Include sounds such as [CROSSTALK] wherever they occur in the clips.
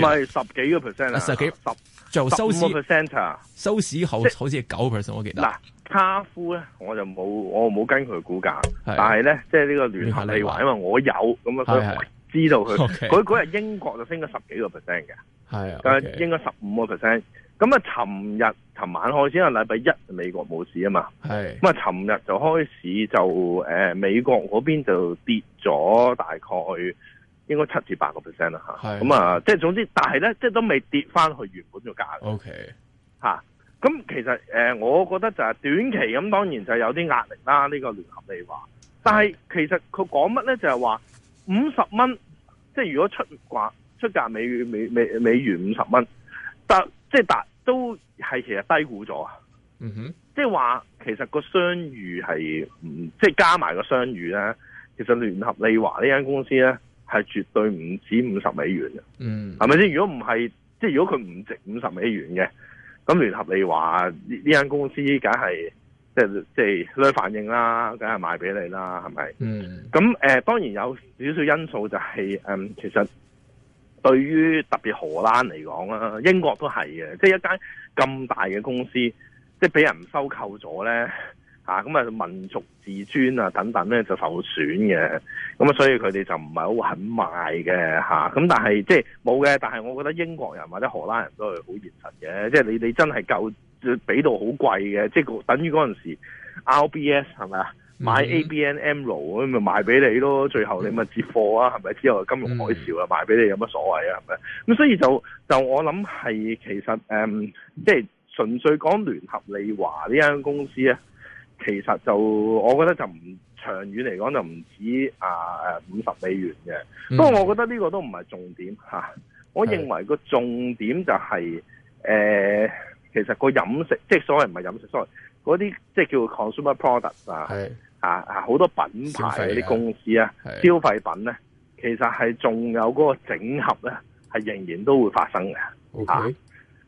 唔係十幾個 percent 啊，十幾十，最後收市，收市後好似九個 percent，我記得。嗱，卡夫咧，我就冇，我冇跟佢股價，但係咧，即係呢個聯合利華，因為我有，咁啊，所以知道佢。佢嗰日英國就升咗十幾個 percent 嘅，但係應該十五個 percent。咁啊，尋日尋晚開始因為，禮拜一美國冇市啊嘛，係咁啊，尋日就開始就誒，美國嗰邊就跌咗大概。應該七至八個 percent 啦吓，咁啊，即係的、嗯、總之，但係咧，即係都未跌翻去原本嘅價。OK，吓，咁其實誒、呃，我覺得就係短期咁，當然就有啲壓力啦。呢、這個聯合利華，的但係其實佢講乜咧，就係話五十蚊，即係如果出掛出價美美美美，美元五十蚊，但即係達都係其實低估咗啊。嗯哼、mm hmm.，即係話其實個商譽係唔即係加埋個商譽咧，其實聯合利華呢間公司咧。係絕對唔止五十美元嘅，是嗯，係咪先？如果唔係，即係如果佢唔值五十美元嘅，咁聯合利華呢呢間公司是，梗係即係即係反映啦，梗係賣俾你啦，係咪？嗯，咁誒、呃，當然有少少因素就係、是，嗯，其實對於特別荷蘭嚟講啦，英國都係嘅，即係一間咁大嘅公司，即係俾人收購咗咧。啊，咁啊，民族自尊啊，等等咧就受損嘅，咁啊，所以佢哋就唔係好肯賣嘅嚇。咁但係即係冇嘅，但係我覺得英國人或者荷蘭人都係好現實嘅，即係你你真係夠，俾到好貴嘅，即係等於嗰陣時，RBS 係咪啊？mm hmm. 買 ABN AMRO 咁咪賣俾你咯，最後你咪接貨啊，係咪？之後金融海嘯啊，賣俾你有乜所謂啊，係咪？咁所以就就我諗係其實誒、嗯，即係純粹講聯合利華呢間公司啊。其實就我覺得就唔長遠嚟講就唔止啊誒五十美元嘅，不過我覺得呢個都唔係重點、嗯啊、我認為個重點就係、是、誒是、呃、其實個飲食即係所謂唔係飲食所謂嗰啲即係叫 consumer products 是啊啊好多品牌嗰啲、啊、公司啊是消費品咧，其實係仲有嗰個整合咧，係仍然都會發生嘅嚇嚇咁，Okay.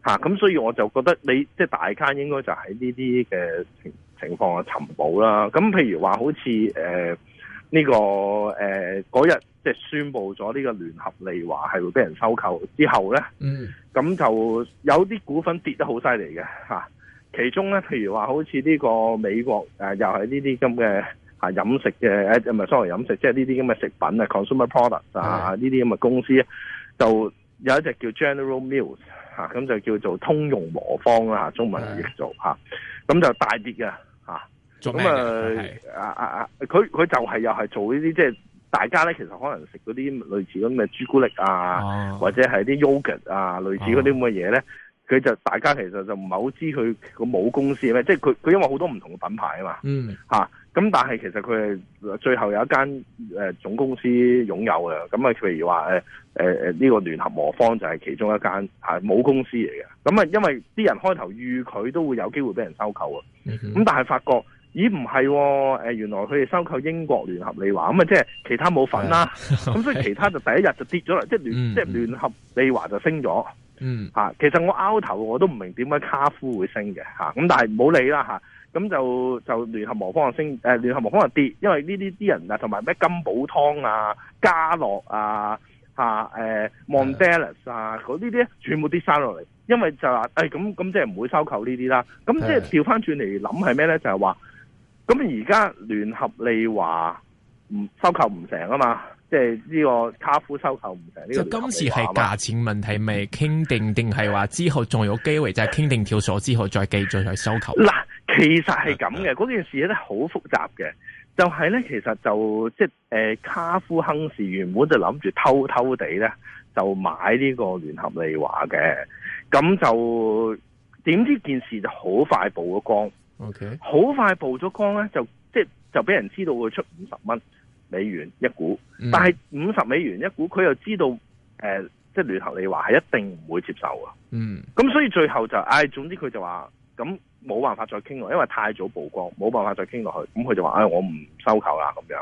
啊啊、所以我就覺得你即係大家應該就喺呢啲嘅。情況啊，尋寶啦！咁譬如話，好似誒呢個誒嗰日即係宣布咗呢個聯合利華係會俾人收購之後咧，嗯，咁就有啲股份跌得好犀利嘅嚇。其中咧，譬如話好似呢個美國誒、啊、又係呢啲咁嘅嚇飲食嘅，誒唔係 sorry 飲食，即係呢啲咁嘅食品 Consumer Products，啊，consumer p r o d u c t 啊呢啲咁嘅公司，就有一隻叫 General Mills 嚇、啊，咁就叫做通用磨坊啦、啊，中文叫做嚇，咁的、啊、就大跌嘅。咁誒啊啊啊！佢、啊、佢、啊、就係又係做呢啲即係大家咧，其實可能食嗰啲類似咁嘅朱古力啊，啊或者係啲 yogurt 啊，類似嗰啲咁嘅嘢咧。佢、啊、就大家其實就唔係好知佢個母公司咩？即係佢佢因為好多唔同嘅品牌啊嘛。嚇咁、嗯啊，但係其實佢係最後有一間誒、呃、總公司擁有嘅。咁、嗯、啊，譬如話誒誒誒呢個聯合磨坊就係其中一間係、啊、母公司嚟嘅。咁、嗯、啊，因為啲人開頭預佢都會有機會俾人收購啊。咁、嗯、哼但係發覺。咦唔係喎，原來佢哋收購英國聯合利華，咁啊即係其他冇份啦、啊，咁 Yeah, okay. 所以其他就第一日就跌咗啦，即係聯 mm hmm. 即聯即聯合利華就升咗，嗯嚇、mm hmm. 啊，其實我拗頭我都唔明點解卡夫會升嘅嚇，咁、啊、但係唔好理啦嚇，咁、啊、就就聯合磨方就升，誒、呃、聯合磨方就跌，因為呢啲啲人啊同埋咩金寶湯啊、家樂啊、嚇誒 Mondelez 啊嗰啲啲全部跌晒落嚟，因為就話誒咁咁即係唔會收購呢啲啦，咁即係調翻轉嚟諗係咩咧？就係、是、話。咁而家聯合利華唔收購唔成啊嘛，即係呢個卡夫收購唔成，呢就今次係價錢問題未傾定，定係話之後仲有機會，就係傾定跳鎖之後再繼續去收購。嗱、就是，其實係咁嘅，嗰件事咧好複雜嘅，就係咧其實就即係卡夫亨氏原本就諗住偷偷地咧就買呢個聯合利華嘅，咁就點知件事就好快曝咗光。好 Okay. 快曝咗光咧，就即係就俾人知道佢出五十蚊美元一股，mm hmm. 但係五十美元一股，佢又知道誒、呃，即係聯合利華係一定唔會接受啊。嗯、mm，咁、hmm. 所以最後就，唉、哎，總之佢就話，咁冇辦法再傾落，因為太早曝光，冇辦法再傾落去。咁佢就話，唉、哎，我唔收購啦咁樣。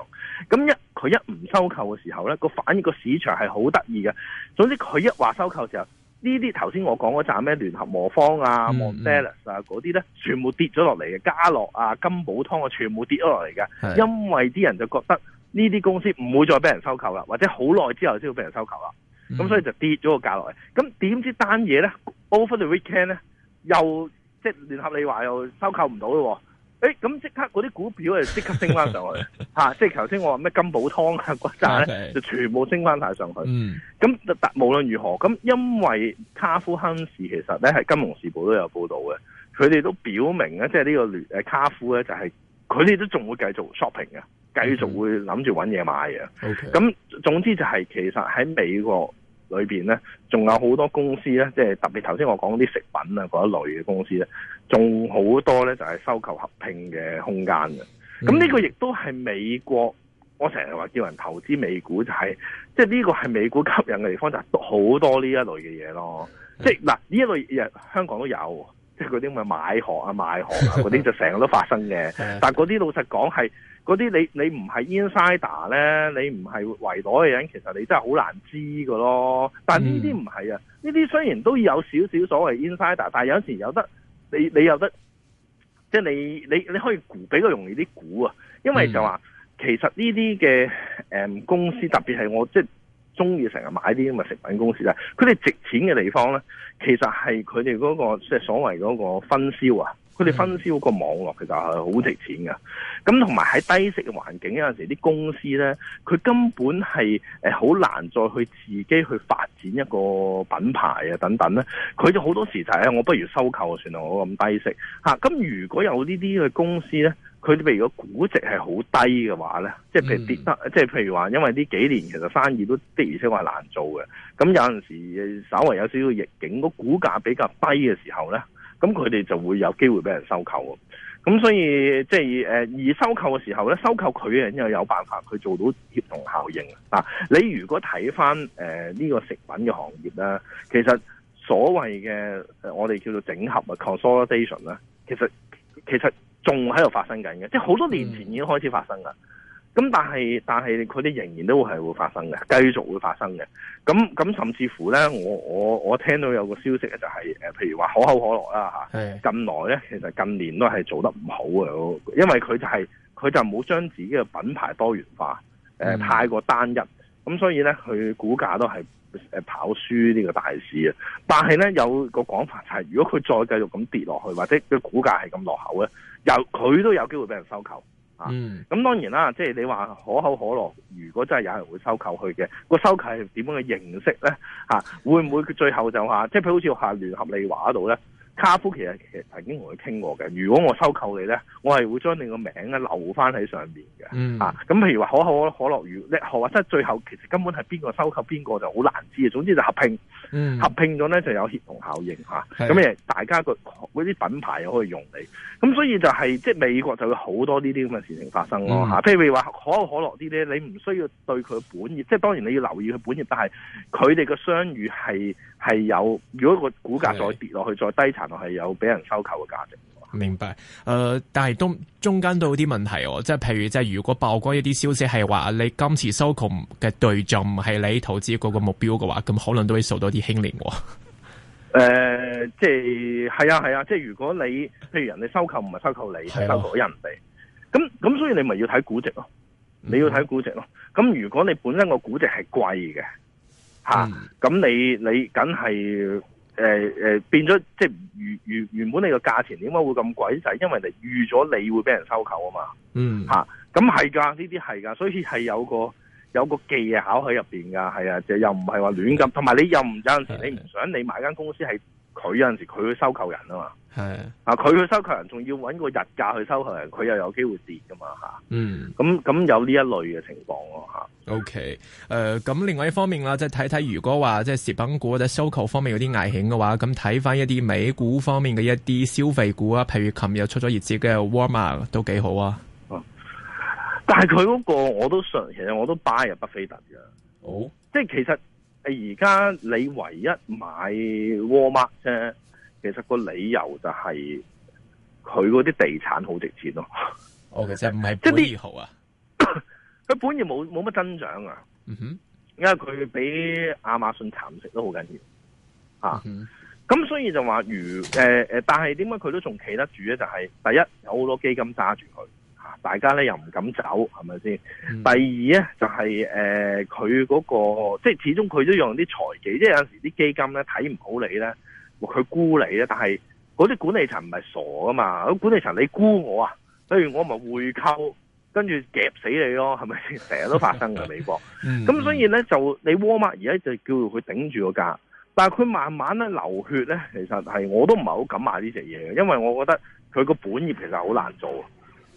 咁一佢一唔收購嘅時候咧，個反應個市場係好得意嘅。總之佢一話收購嘅時候。呢啲頭先我講嗰陣咩聯合魔方啊、Mondelez 啊嗰啲咧，全部跌咗落嚟嘅，家樂啊、金寶湯啊，全部跌咗落嚟嘅，因為啲人就覺得呢啲公司唔會再俾人收購啦，或者好耐之後先會俾人收購啦，咁、嗯、所以就跌咗個價落嚟。咁點知單嘢咧 Over the weekend 咧，又即係聯合你話又收購唔到咯喎。誒，咁即、欸、刻嗰啲股票係即刻升翻上去，吓、 [LAUGHS] 啊，即係頭先我話咩金寶湯啊，國債咧就全部升翻晒上去。咁、mm.，但無論如何，咁因為卡夫亨氏其實咧係金融時報都有報道嘅，佢哋都表明咧，即係呢個聯誒卡夫咧就係佢哋都仲會繼續 shopping 嘅，繼續會諗住揾嘢買嘅。咁 Okay. 總之就係其實喺美國，裏面咧，仲有好多公司咧，即係特別頭先我講啲食品啊嗰一類嘅公司咧，仲好多咧就係收購合併嘅空間嘅。咁呢個亦都係美國，我成日話叫人投資美股就係、是，即係呢個係美股吸引嘅地方就係、是、好多呢一類嘅嘢咯。即係嗱，呢一類香港都有。即係嗰啲咪買行啊買行啊嗰啲就成日都發生嘅， [LAUGHS] 但係嗰啲老實講，係嗰啲你你唔係 insider 咧，你唔係圍攞嘅人，其實你真係好難知嘅咯。但係呢啲唔係啊，呢啲、嗯、雖然都有少少所謂 insider，但係有時有得你你有得即係你你你可以估比較容易啲估啊，因為就話其實呢啲嘅誒公司特別係我即係。中意成日買啲咁嘅食品公司，佢哋值錢嘅地方咧，其實係佢哋嗰個即係所謂嗰個分銷啊。佢哋分銷個網絡其實係好值錢嘅，咁同埋喺低息嘅環境，有陣時啲公司咧，佢根本係誒好難再去自己去發展一個品牌啊等等咧，佢就好多時就係、是，我不如收購算數，我咁低息嚇。咁、啊、如果有呢啲嘅公司咧，佢哋如果估值係好低嘅話咧，即係譬如跌得，即係譬如話，因為呢幾年其實生意都的而且確係難做嘅，咁有陣時稍微有少少逆境，個股價比較低嘅時候咧。咁佢哋就會有機會俾人收購，咁所以即係誒，而收購嘅時候咧，收購佢嘅人又有辦法去做到協同效應啊！你如果睇翻誒呢個食品嘅行業咧，其實所謂嘅我哋叫做整合啊 consolidation 啦，其實其實仲喺度發生緊嘅，即係好多年前已經開始發生噶。嗯咁但係但係佢哋仍然都係會發生嘅，繼續會發生嘅。咁咁甚至乎咧，我我我聽到有個消息咧，就係、是、誒，譬如話可口可樂啦吓，係近來咧，其實近年都係做得唔好嘅，因為佢就係、是、佢就冇將自己嘅品牌多元化，誒、嗯、太過單一，咁所以咧，佢股價都係誒跑輸呢個大市啊。但係咧，有個講法就係、是，如果佢再繼續咁跌落去，或者佢股價係咁落後咧，又佢都有機會俾人收購。嗯，咁當然啦，即係你話可口可樂，如果真係有人會收購佢嘅，個收購係點樣嘅形式咧？嚇，會唔會佢最後就話，即係譬如好似話聯合利華嗰度咧？卡夫其實其實曾經同佢傾過嘅，如果我收購你咧，我係會將你個名咧留翻喺上邊嘅。嗯、啊，咁譬如話可口可樂與咧，可或者最後其實根本係邊個收購邊個就好難知。總之就合併，嗯、合併咗咧就有協同效應嚇。咁、啊、誒，是的 大家個嗰啲品牌又可以用你。咁、啊、所以就係、是、即係美國就會好多呢啲咁嘅事情發生咯嚇。譬、嗯啊、如話可口可樂啲咧，你唔需要對佢本業，即係當然你要留意佢本業，但係佢哋嘅商譽係。係有，如果個股價再跌落去，再低殘落去，是有俾人收購嘅價值。明白，誒、呃，但係中中間都有啲問題、哦，即係譬如，即係如果曝光一啲消息係話，你今次收購嘅對象唔係你投資嗰個目標嘅話，咁可能都會受到啲牽連。誒、呃，即係係啊，係啊，即係如果你，譬如人哋收購唔係收購你，係、啊、收購人哋，咁咁，所以你咪要睇估值咯，你要睇估值咯。咁、嗯、如果你本身個估值係貴嘅。吓，咁、嗯啊、你你梗係誒誒，變咗即係原原原本你個價錢點解會咁鬼貴？就係、因為你預咗你會俾人收購啊嘛，嗯吓，咁係噶，呢啲係噶，所以係有個有個技巧喺入邊噶，係啊，就又唔係話亂咁，同埋的你又唔有陣時的你唔想你買間公司係。佢有陣時佢去收購人啊嘛，係的、嗯、啊，佢去收購人仲要揾個日價去收購人，佢又有機會跌噶嘛吓，嗯，咁咁有呢一類嘅情況咯吓。OK，誒，咁另外一方面啦，即係睇睇如果話即係食品股或者收購方面有啲危險嘅話，咁睇翻一啲美股方面嘅一啲消費股啊，譬如琴日出咗業績嘅 Walmart 都幾好啊。哦，但係佢嗰個我都信，其實我都 buy 入不飛特嘅，好、哦，即係其實。而家你唯一買 Walmart 啫，其實個理由就係佢嗰啲地產好值錢咯。哦，其實唔係本意好啊，佢 [LAUGHS] 本意冇冇乜增長啊。嗯哼，因為佢俾亞馬遜蠶食都好緊要啊。咁、嗯、哼所以就話如誒誒、呃，但係點解佢都仲企得住咧？就係、是、第一有好多基金揸住佢。大家咧又唔敢走，係咪先？嗯、第二咧就係、是、誒，佢、呃、嗰、那個即係始終佢都用啲財技，即係有陣時啲基金咧睇唔好你咧，佢沽你咧。但係嗰啲管理層唔係傻噶嘛，管理層你沽我啊，譬如我咪回購，跟住夾死你咯，係咪？成日都發生嘅 [LAUGHS] 美國，咁所以咧就你窩麥而家就叫佢頂住個價，但係佢慢慢咧流血咧，其實係我都唔係好敢買呢隻嘢，因為我覺得佢個本業其實好難做。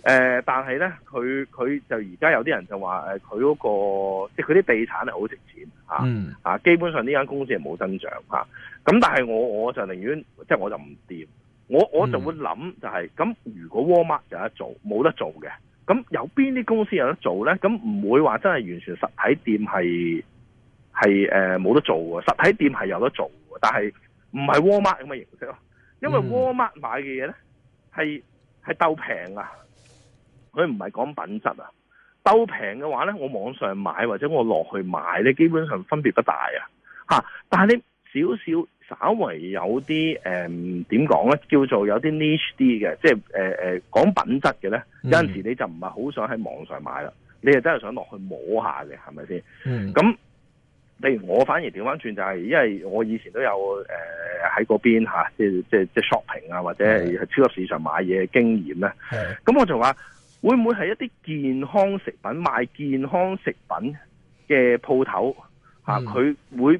誒、呃，但係咧，佢佢就而家有啲人就話誒，佢嗰，那個即係佢啲地產係好值錢吓，啊嗯、基本上呢間公司係冇增長吓。咁、啊、但係我我就寧願，即、就、係、是、我就唔掂，我我就會諗就係、是，咁如果 Walmart 有得做，冇得做嘅，咁有邊啲公司有得做咧？咁唔會話真係完全實體店係係誒冇得做喎。實體店係有得做，但係唔係 Walmart 咁嘅形式咯，因為 Walmart 買嘅嘢咧，係係鬥平啊。佢唔係講品質啊，鬥平嘅話咧，我網上買或者我落去買咧，基本上分別不大啊，吓，但係你少少稍為有啲誒點講咧、呃，叫做有啲 niche 啲嘅，即係誒誒講品質嘅咧，嗯、有陣時你就唔係好想喺網上買啦，你係真係想落去摸下嘅，係咪先？嗯。咁，譬如我反而調翻轉就係、是，因為我以前都有誒喺嗰邊即係即係即 shopping 啊，或者係超級市場買嘢嘅經驗咧。咁、嗯、我就話。會唔會係一啲健康食品，賣健康食品嘅鋪頭啊？佢、嗯、會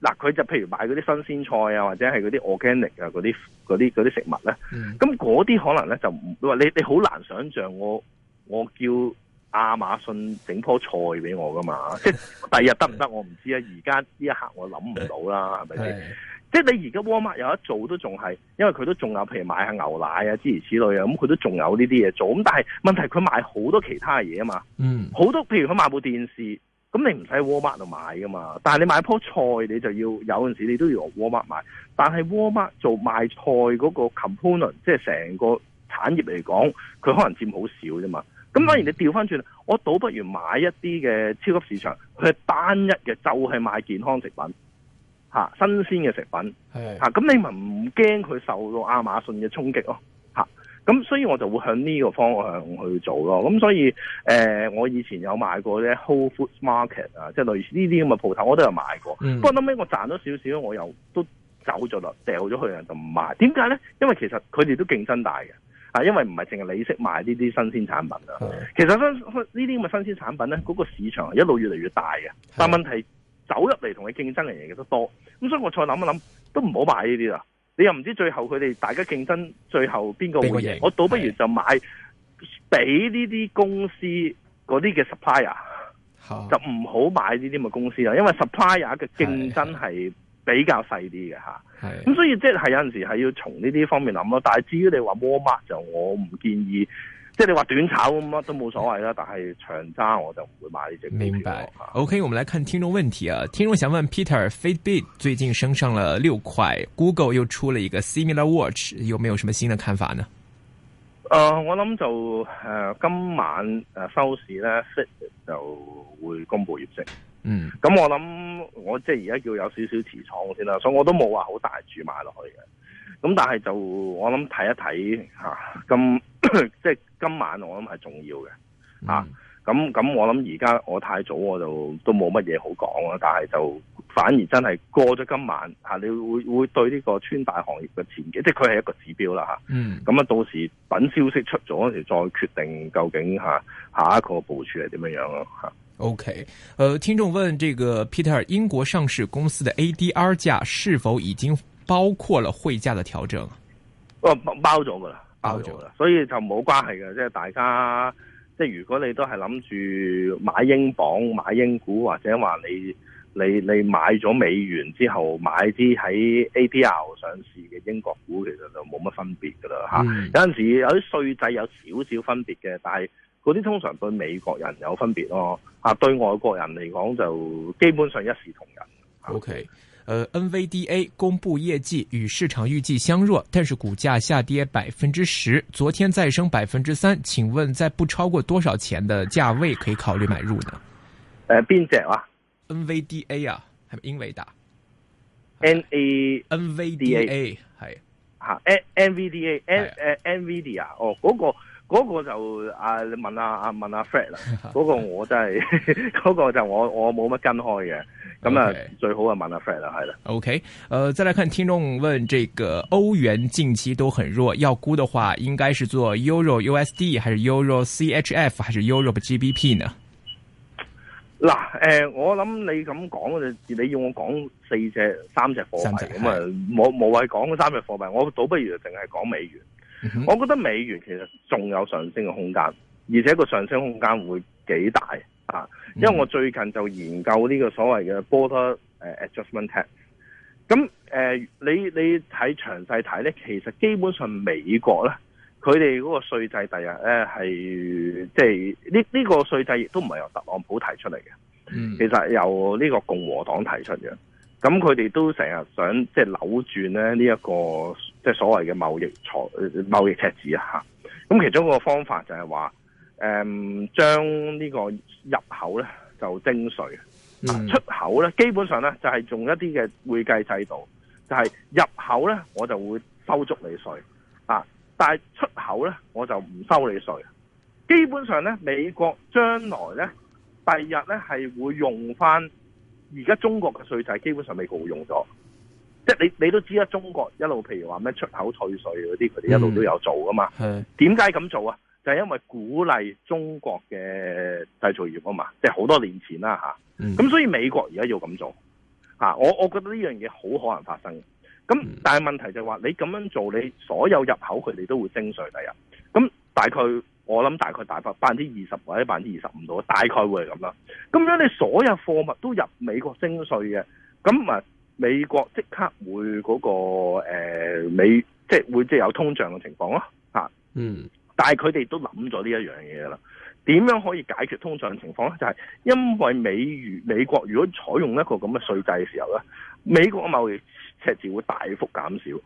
嗱佢就譬如買嗰啲新鮮菜啊，或者係嗰啲 organic 啊嗰啲啲啲食物咧。咁嗰啲可能咧就唔，你你好難想象我我叫亞馬遜整棵菜俾我噶嘛？ [LAUGHS] 即係第日得唔得？ [LAUGHS] 我唔知啊。而家呢一刻我諗唔到啦，係咪先？ [LAUGHS] 即係你而家 Walmart 有得做都仲係，因為佢都仲有，譬如買下牛奶啊諸如此類啊，咁佢都仲有呢啲嘢做。咁但係問題佢買好多其他嘢啊嘛，嗯，好多譬如佢買部電視，咁你唔使 Walmart 度買㗎嘛。但係你買棵菜，你就要有陣時你都要 Walmart 買。但係 Walmart 做賣菜嗰個 component，即係成個產業嚟講，佢可能佔好少啫嘛。咁當然你調翻轉，我倒不如買一啲嘅超級市場，佢係單一嘅，就係買健康食品。吓新鮮嘅食品，吓咁是、啊、你咪唔驚佢受到亞馬遜嘅衝擊咯？吓、啊、咁，所以我就會向呢個方向去做咯。咁所以，誒、呃，我以前有買過咧 Whole Foods Market 啊，即、就、係、是、類似呢啲咁嘅鋪頭，我都有買過。嗯、不過後屘我賺咗少少，我又都走咗啦掉咗去，就唔買。點解咧？因為其實佢哋都競爭大嘅，啊，因為唔係淨係你識賣呢啲新鮮產品、嗯、其實呢啲咁嘅新鮮產品咧，嗰、那個市場一路越嚟越大嘅，是但問題。走入嚟同佢競爭嘅嘢都多，咁所以我再諗一諗，都唔好買呢啲啦。你又唔知最後佢哋大家競爭最後邊個會贏，行我倒不如就買俾呢啲公司嗰啲嘅 supplier，就唔好買呢啲咁嘅公司啦。因為 supplier 嘅競爭係比較細啲嘅嚇，咁所以即係有陣時係要從呢啲方面諗咯。但係至於你話 Walmart，就我唔建議。即係你話短炒咁乜都冇所謂啦，但係長揸我就唔會買呢隻。明白。啊、OK，我們來看聽眾問題啊！聽眾想問 Peter，Fitbit 最近升上了六塊，Google 又出了一個 Similar Watch，有沒有什麼新的看法呢？誒、呃，我諗就誒、呃、今晚誒收市咧，Fit 就會公布業績。嗯。咁我諗我即係而家叫有少少持倉先啦，所以我都冇話好大注買落去嘅。咁但係就我諗睇一睇吓、啊、今。即係 [LAUGHS] 今晚，我諗係重要嘅、嗯、啊！咁咁，我諗而家我太早，我就都冇乜嘢好講咯。但係就反而真係過咗今晚吓、啊，你會會對呢個穿戴行業嘅前景，即係佢係一個指標啦吓。啊、嗯，咁啊，到時等消息出咗嗰時再決定究竟吓、啊、下一個部署係點樣樣咯吓。啊、OK，誒、呃，聽眾問：這個 Peter 英國上市公司的 ADR 價是否已經包括了匯價的調整？哦、啊，包、包咗噶啦。包咗啦，所以就冇關係嘅，即係大家，即係如果你都係諗住買英鎊、買英股，或者話你你你買咗美元之後買啲喺 A p L 上市嘅英國股，其實就冇乜分別噶啦吓。嗯、有陣時有啲稅制有少少分別嘅，但係嗰啲通常對美國人有分別咯，吓，對外國人嚟講就基本上一視同仁。O K。呃，NVDA 公布業績與市場預計相若，但是股價下跌百分之十，昨天再升百分之三。請問在不超過多少錢的價位可以考慮買入呢？呃，邊隻啊？NVDA 啊，係咪英偉達。N A NVDA A 係 n NVDA N NVDA 哦，嗰個。嗰個就啊，你問下、啊，阿問阿、啊、Fred 啦，嗰、那個我真係嗰 [LAUGHS] 個就我我冇乜跟開嘅，咁啊最好問啊問阿 Fred 啦係啦。OK，誒的、okay. 呃，再來看聽眾問，這個歐元近期都很弱，要估的話，應該是做 Euro USD 還是 Euro CHF 還是 Euro GBP 呢？嗱，誒、呃，我諗你咁講你要我講四隻三隻貨幣，咁啊冇冇謂講三隻貨幣，我倒不如淨係講美元。 [NOISE] 我覺得美元其實仲有上升嘅空間，而且個上升空間會幾大啊！因為我最近就研究呢個所謂嘅 border adjustment tax，咁誒、呃、你你睇詳細睇咧，其實基本上美國咧，佢哋嗰個稅制第二日咧係即係呢呢、就是這個稅制亦都唔係由特朗普提出嚟嘅， [NOISE] 其實由呢個共和黨提出嘅。咁佢哋都成日想即係扭轉咧呢一個即係所謂嘅貿易財貿易赤字啊吓，咁其中個方法就係話，誒將呢個入口咧就徵稅，出口咧基本上咧就係用一啲嘅會計制度，就係、是、入口咧我就會收足你稅啊，但係出口咧我就唔收你稅，基本上咧美國將來咧第二日咧係會用翻。而家中國嘅稅制基本上未夠用咗，即係你你都知啦，中國一路譬如話咩出口退稅嗰啲，佢哋、嗯、一路都有做噶嘛。點解咁做啊？就係、是、因為鼓勵中國嘅製造業啊嘛，即係好多年前啦吓。咁、啊嗯、所以美國而家要咁做，吓、啊、我我覺得呢樣嘢好可能發生嘅。咁但係問題就係話你咁樣做，你所有入口佢哋都會徵稅嚟啊。咁大概。我諗大概大百百分之二十或者百分之二十五度，大概會係咁啦。咁樣你所有貨物都入美國徵稅嘅，咁美國、那個呃、美即刻會嗰個誒美即係會即係有通脹嘅情況咯，吓、啊、嗯但。但係佢哋都諗咗呢一樣嘢啦，點樣可以解決通脹嘅情況咧？就係、是、因為美如美國如果採用一個咁嘅稅制嘅時候咧，美國嘅貿易赤字會大幅減少。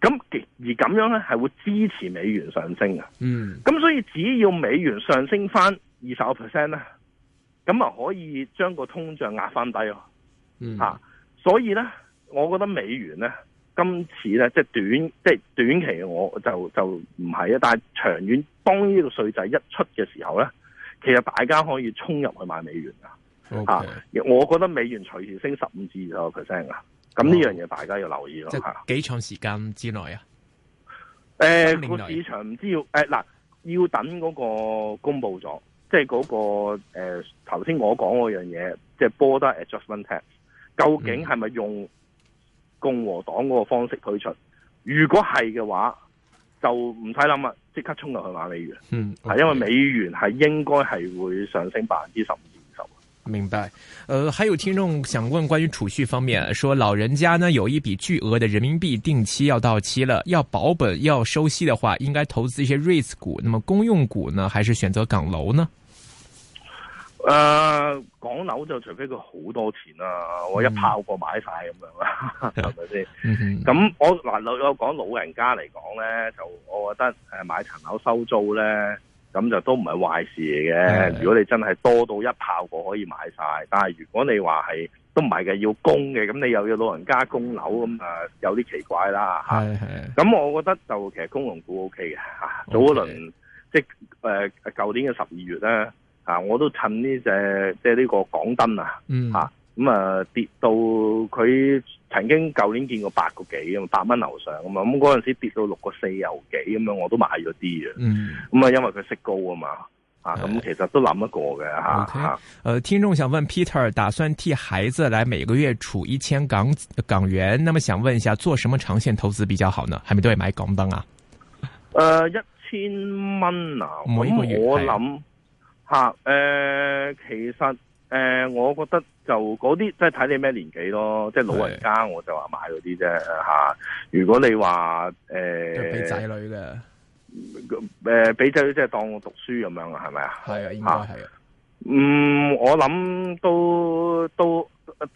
咁而咁樣呢係會支持美元上升㗎。嗯，咁所以只要美元上升翻二十個 percent 咧，咁咪可以將個通脹壓翻低囉。嗯，吓、啊，所以呢，我覺得美元呢，今次呢，即係短，即係短期，我就就唔係啊。但係長遠，當呢個稅制一出嘅時候呢，其實大家可以衝入去買美元 Okay. 啊。吓，我覺得美元隨時升十五至二十個 percent 啊。咁呢樣嘢大家要留意咯吓，哦、幾長時間之內啊？誒、呃，個市場唔知要誒嗱、呃，要等嗰個公布咗，即係嗰個誒頭先我講嗰樣嘢，即、就、係、是、border adjustment tax，究竟係咪用共和黨嗰個方式推出？嗯、如果係嘅話，就唔使諗啊，即刻衝入去買美元。嗯，係、okay. 因為美元係應該係會上升百分之十五。明白，呃，還有聽眾想問關於儲蓄方面，說老人家呢有一筆巨額的人民幣定期要到期了，要保本要收息的話，應該投資一些 REITs 股，那麼公用股呢，還是選擇港樓呢？呃，港樓就除非佢好多錢啊，我一炮過買晒咁、嗯、樣啦，係咪先？咁、嗯嗯、我嗱，有講老人家嚟講咧，就我覺得誒買層樓收租咧。咁就都唔係壞事嚟嘅，如果你真係多到一炮過可以買晒，但係如果你話係都唔係嘅，要供嘅，咁你又要老人家供樓咁是是 啊，有啲奇怪啦吓。咁我覺得就其實公用股 OK 嘅吓，啊、早一輪 Okay. 即係誒舊年嘅十二月咧、啊、我都趁呢隻即係呢個港燈啊吓咁啊，啊跌到佢。曾經舊年見過八個幾啊，八蚊樓上啊嘛，咁嗰陣時跌到六個四又幾咁樣，我都買咗啲嘅。咁啊，因為佢息高啊嘛，啊，咁其實都諗得過嘅吓。誒、okay, 呃，聽眾想問 Peter，打算替孩子來每個月儲一千港港元，那麼想問一下，做什麼長線投資比較好呢？係咪都係買港燈啊？誒、呃，一千蚊啊，咁我諗吓，誒、哎啊呃，其實。誒、呃，我覺得就嗰啲即係睇你咩年紀咯，即係老人家我就話買嗰啲啫吓。如果你話誒，俾仔女嘅，誒俾仔女即係當我讀書咁樣啊，係咪啊？係啊，應該係啊。嗯，我諗都都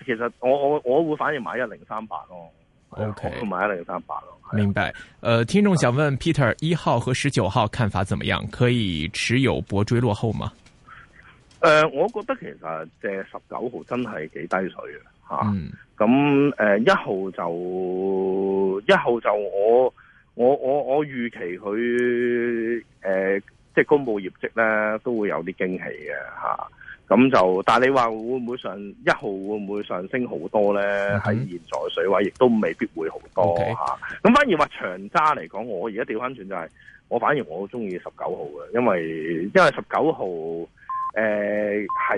其實我我我會反而買一零三八咯。OK，我買一零三八咯。明白。誒、呃，聽眾想問 Peter 一號和十九號看法怎麼樣？可以持有搏追落後嗎？誒、呃，我覺得其實即係十九號真係幾低水嘅吓，咁誒一號就一號就我我我我預期佢誒、呃、即係公布業績咧都會有啲驚喜嘅吓，咁、啊、就但係你話會唔會上一號會唔會上升好多咧？喺、嗯、現在水位，亦都未必會好多吓。咁 Okay.、啊、反而話長揸嚟講，我而家調返轉就係、是、我反而我好鍾意十九號嘅，因為因為十九號。誒係。